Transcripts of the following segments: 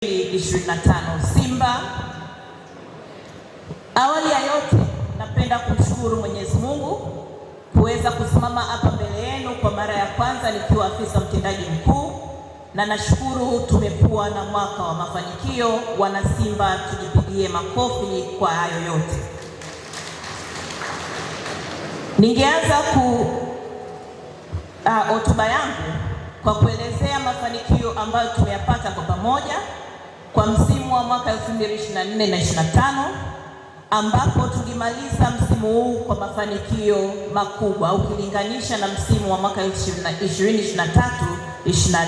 25 Simba. Awali ya yote, napenda kumshukuru Mwenyezi Mungu kuweza kusimama hapa mbele yenu kwa mara ya kwanza nikiwa afisa mtendaji mkuu, na nashukuru tumekuwa na mwaka wa mafanikio. Wana Simba, tujipigie makofi kwa hayo yote. Ningeanza ku ah, hotuba uh, yangu kwa kuelezea mafanikio ambayo tumeyapata kwa pamoja wa mwaka 2024 na 25 ambapo tulimaliza msimu huu kwa mafanikio makubwa ukilinganisha na msimu wa mwaka 2023 24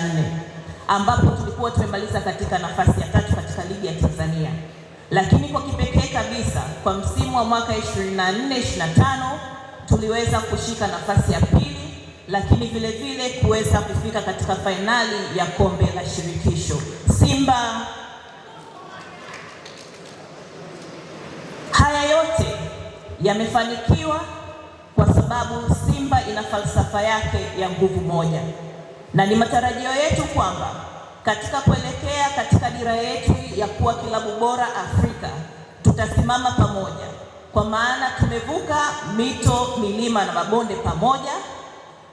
ambapo tulikuwa tumemaliza katika nafasi ya tatu katika ligi ya Tanzania, lakini kwa kipekee kabisa kwa msimu wa mwaka 24 25 tuliweza kushika nafasi ya pili, lakini vile vile kuweza kufika katika fainali ya kombe la shirikisho Simba yamefanikiwa kwa sababu Simba ina falsafa yake ya nguvu moja, na ni matarajio yetu kwamba katika kuelekea katika dira yetu ya kuwa kilabu bora Afrika tutasimama pamoja, kwa maana tumevuka mito, milima na mabonde pamoja,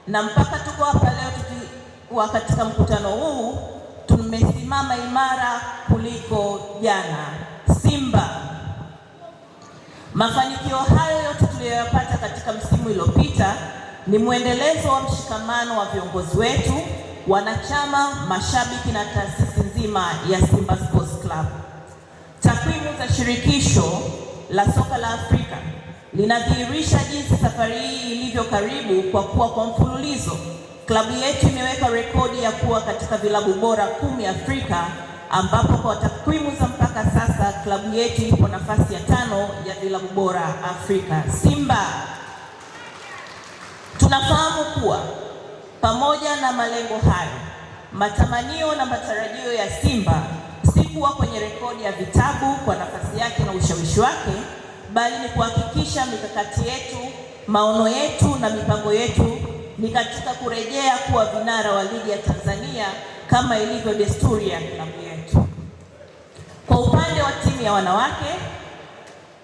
na mpaka tuko hapa leo tukiwa katika mkutano huu tumesimama imara kuliko jana. Simba Mafanikio hayo yote tuliyoyapata katika msimu uliopita ni mwendelezo wa mshikamano wa viongozi wetu, wanachama, mashabiki na taasisi nzima ya Simba Sports Club. Takwimu za shirikisho la soka la Afrika linadhihirisha jinsi safari hii ilivyo karibu, kwa kuwa kwa mfululizo klabu yetu imeweka rekodi ya kuwa katika vilabu bora kumi Afrika ambapo kwa takwimu za mpaka sasa klabu yetu ipo nafasi ya tano ya vilabu bora Afrika. Simba tunafahamu kuwa pamoja na malengo hayo, matamanio na matarajio ya Simba si kuwa kwenye rekodi ya vitabu kwa nafasi yake na ushawishi wake, bali ni kuhakikisha mikakati yetu, maono yetu na mipango yetu ni katika kurejea kuwa vinara wa ligi ya Tanzania kama ilivyo desturi ya klabu upande wa timu ya wanawake,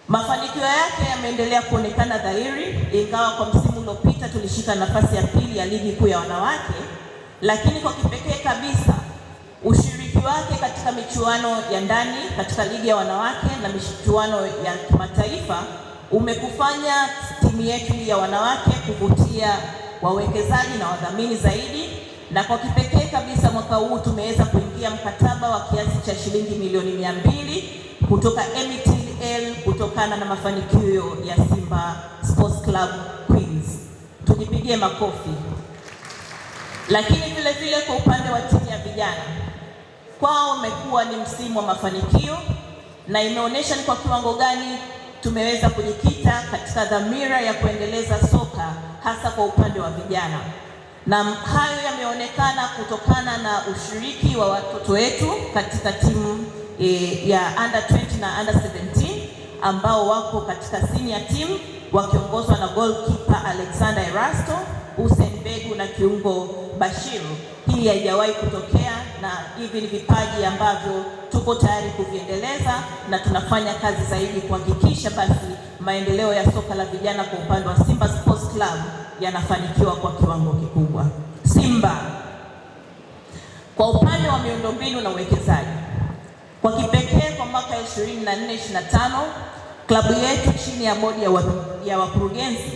mafanikio yake yameendelea kuonekana dhahiri, ingawa kwa msimu uliopita tulishika nafasi ya pili ya ligi kuu ya wanawake, lakini kwa kipekee kabisa ushiriki wake katika michuano ya ndani katika ligi ya wanawake na michuano ya kimataifa umekufanya timu yetu ya wanawake kuvutia wawekezaji na wadhamini zaidi, na kwa kipekee kabisa mwaka huu tumeweza kuingia mkataba wa kiasi cha shilingi milioni mia mbili kutoka MTL kutokana na mafanikio ya Simba Sports Club Queens. Tujipigie makofi. Lakini vile vile kwa upande wa timu ya vijana, kwao umekuwa ni msimu wa mafanikio na imeonyesha ni kwa kiwango gani tumeweza kujikita katika dhamira ya kuendeleza soka hasa kwa upande wa vijana na hayo yameonekana kutokana na ushiriki wa watoto wetu katika timu e, ya under 20 na under 17 ambao wako katika senior team wakiongozwa na goalkeeper Alexander Erasto, Hussein Begu na kiungo bashir Hii haijawahi kutokea, na hivi ni vipaji ambavyo tuko tayari kuviendeleza na tunafanya kazi zaidi kuhakikisha basi maendeleo ya soka la vijana kwa upande wa Simba Sports Club yanafanikiwa kwa kiwango kikubwa. Simba kwa upande wa miundombinu na uwekezaji, kwa kipekee kwa mwaka 2024 25 klabu yetu chini ya bodi ya wakurugenzi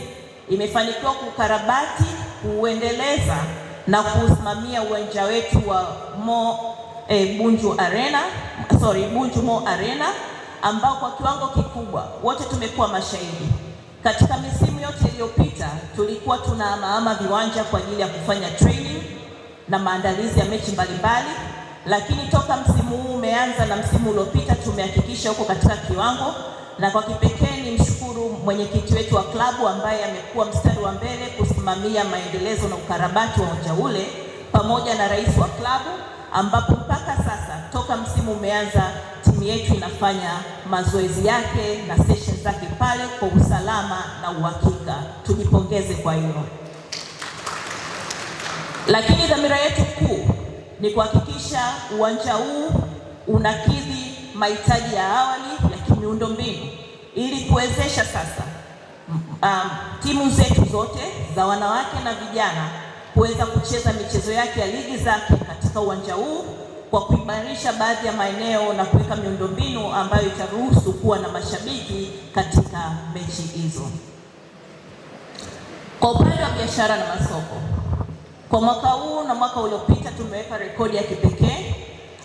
imefanikiwa kukarabati, kuuendeleza na kuusimamia uwanja wetu wa Mo, eh, Bunju Arena, sorry, Bunju Mo Arena ambao kwa kiwango kikubwa wote tumekuwa mashahidi. Katika misimu yote iliyopita, tulikuwa tuna tunahamahama viwanja kwa ajili ya kufanya training na maandalizi ya mechi mbalimbali, lakini toka msimu huu umeanza na msimu uliopita, tumehakikisha huko katika kiwango, na kwa kipekee ni mshukuru mwenyekiti wetu wa klabu ambaye amekuwa mstari wa mbele kusimamia maendelezo na ukarabati wa uwanja ule pamoja na rais wa klabu, ambapo mpaka sasa toka msimu umeanza timu yetu inafanya mazoezi yake na session zake pale kwa usalama na uhakika. Tujipongeze kwa hilo. Lakini dhamira yetu kuu ni kuhakikisha uwanja huu unakidhi mahitaji ya awali ya kimiundombinu ili kuwezesha sasa um, timu zetu zote za wanawake na vijana kuweza kucheza michezo yake ya ligi zake katika uwanja huu kwa kuimarisha baadhi ya maeneo na kuweka miundombinu ambayo itaruhusu kuwa na mashabiki katika mechi hizo. Kwa upande wa biashara na masoko, kwa mwaka huu na mwaka uliopita tumeweka rekodi ya kipekee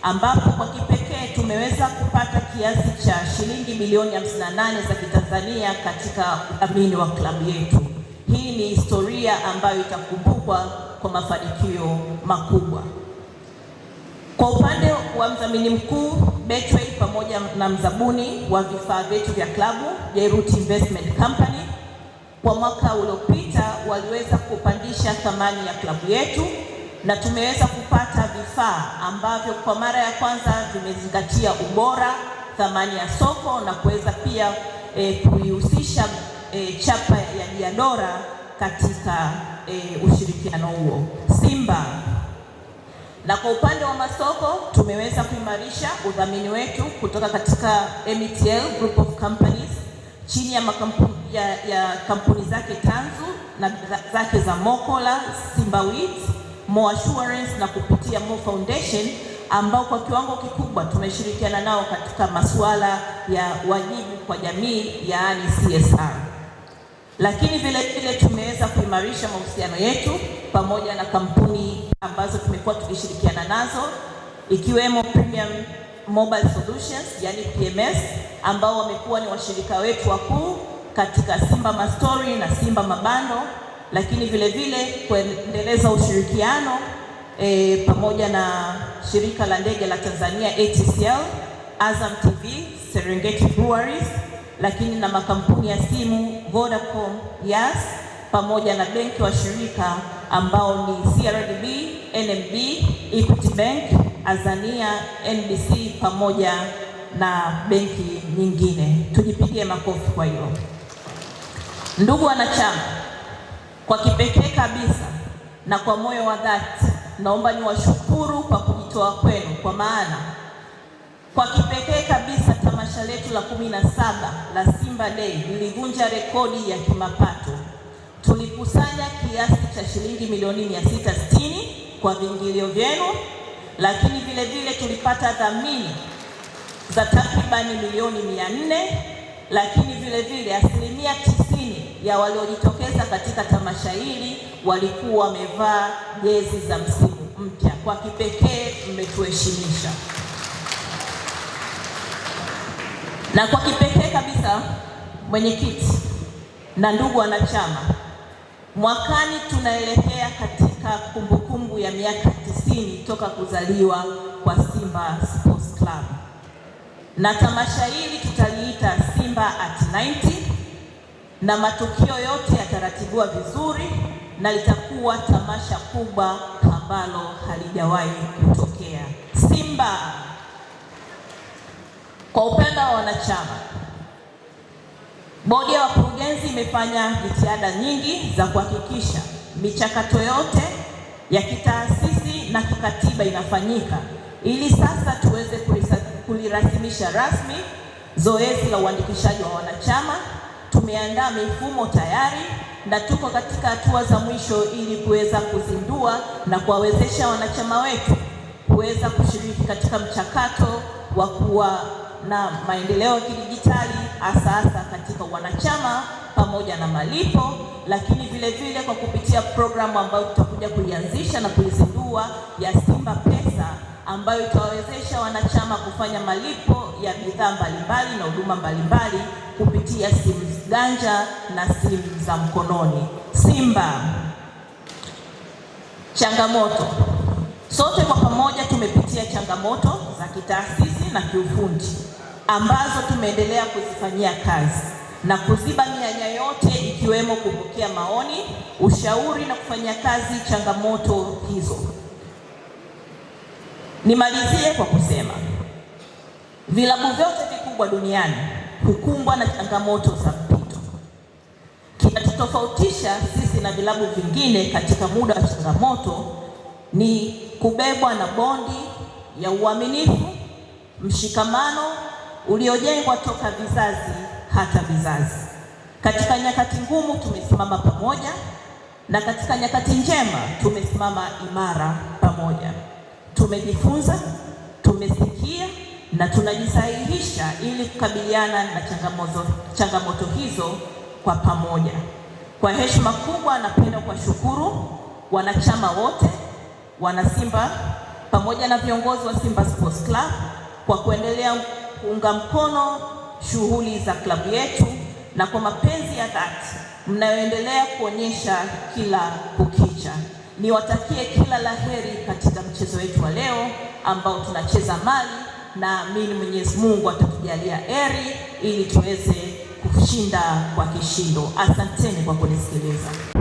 ambapo kwa kipekee tumeweza kupata kiasi cha shilingi milioni 58 za Kitanzania katika udhamini wa klabu yetu. Hii ni historia ambayo itakumbukwa kwa mafanikio makubwa. Kwa upande wa mdhamini mkuu Betway pamoja na mzabuni wa vifaa vyetu vya klabu Jairut Investment Company, kwa mwaka uliopita waliweza kupandisha thamani ya klabu yetu na tumeweza kupata vifaa ambavyo kwa mara ya kwanza vimezingatia ubora, thamani ya soko na kuweza pia e, kuihusisha e, chapa ya Diadora katika e, ushirikiano huo. Simba na kwa upande wa masoko tumeweza kuimarisha udhamini wetu kutoka katika METL Group of Companies chini ya, makampu, ya, ya kampuni zake tanzu na zake za Mokola, Simbawit, Mo Assurance na kupitia Mo Foundation ambao kwa kiwango kikubwa tumeshirikiana nao katika masuala ya wajibu kwa jamii yaani CSR lakini vile vile tumeweza kuimarisha mahusiano yetu pamoja na kampuni ambazo tumekuwa tukishirikiana nazo ikiwemo Premium Mobile Solutions, yani PMS, ambao wamekuwa ni washirika wetu wakuu katika Simba Mastori na Simba Mabando, lakini vile vile kuendeleza ushirikiano e, pamoja na shirika la ndege la Tanzania ATCL, Azam TV, Serengeti Breweries lakini na makampuni ya simu Vodacom, Yas pamoja na benki washirika ambao ni CRDB, NMB, Equity Bank, Azania, NBC pamoja na benki nyingine. Tujipigie makofi kwa hilo. Ndugu wanachama, kwa kipekee kabisa na kwa moyo wa dhati naomba niwashukuru kwa kujitoa kwenu, kwa maana kwa kipekee tamasha letu la kumi na saba la Simba Day lilivunja rekodi ya kimapato. Tulikusanya kiasi cha shilingi milioni 660 kwa viingilio vyenu, lakini vile vile tulipata dhamini za takribani milioni 400, lakini vile vile asilimia 90 ya waliojitokeza katika tamasha hili walikuwa wamevaa jezi za msimu mpya. Kwa kipekee mmetuheshimisha. Na kwa kipekee kabisa, mwenyekiti na ndugu wanachama, mwakani tunaelekea katika kumbukumbu kumbu ya miaka tisini toka kuzaliwa kwa Simba Sports Club, na tamasha hili tutaliita Simba at 90 na matukio yote yataratibiwa vizuri na litakuwa tamasha kubwa ambalo halijawahi kutokea. Simba kwa upande wa wanachama, bodi ya wakurugenzi imefanya jitihada nyingi za kuhakikisha michakato yote ya kitaasisi na kikatiba inafanyika ili sasa tuweze kulirasimisha rasmi zoezi la uandikishaji wa wanachama. Tumeandaa mifumo tayari na tuko katika hatua za mwisho ili kuweza kuzindua na kuwawezesha wanachama wetu kuweza kushiriki katika mchakato wa kuwa na maendeleo ya kidijitali hasa katika wanachama pamoja na malipo, lakini vile vile kwa kupitia programu ambayo tutakuja kuianzisha na kuizindua ya Simba Pesa ambayo itawawezesha wanachama kufanya malipo ya bidhaa mbalimbali na huduma mbalimbali kupitia simu ganja na simu za mkononi. Simba changamoto, sote kwa pamoja tumepitia changamoto za kitaasisi na kiufundi ambazo tumeendelea kuzifanyia kazi na kuziba mianya yote ikiwemo kupokea maoni, ushauri na kufanyia kazi changamoto hizo. Nimalizie kwa kusema vilabu vyote vikubwa duniani hukumbwa na changamoto za mpito. Kinachotofautisha sisi na vilabu vingine katika muda wa changamoto ni kubebwa na bondi ya uaminifu, mshikamano uliojengwa toka vizazi hata vizazi. Katika nyakati ngumu tumesimama pamoja, na katika nyakati njema tumesimama imara pamoja. Tumejifunza, tumesikia na tunajisahihisha ili kukabiliana na changamoto, changamoto hizo kwa pamoja. Kwa heshima kubwa, napenda kuwashukuru wanachama wote, wanasimba pamoja na viongozi wa Simba Sports Club kwa kuendelea kuunga mkono shughuli za klabu yetu na kwa mapenzi ya dhati mnayoendelea kuonyesha kila kukicha. Niwatakie kila laheri katika mchezo wetu wa leo ambao tunacheza Mali, na mimi Mwenyezi Mungu atatujalia heri ili tuweze kushinda kwa kishindo. Asanteni kwa kunisikiliza.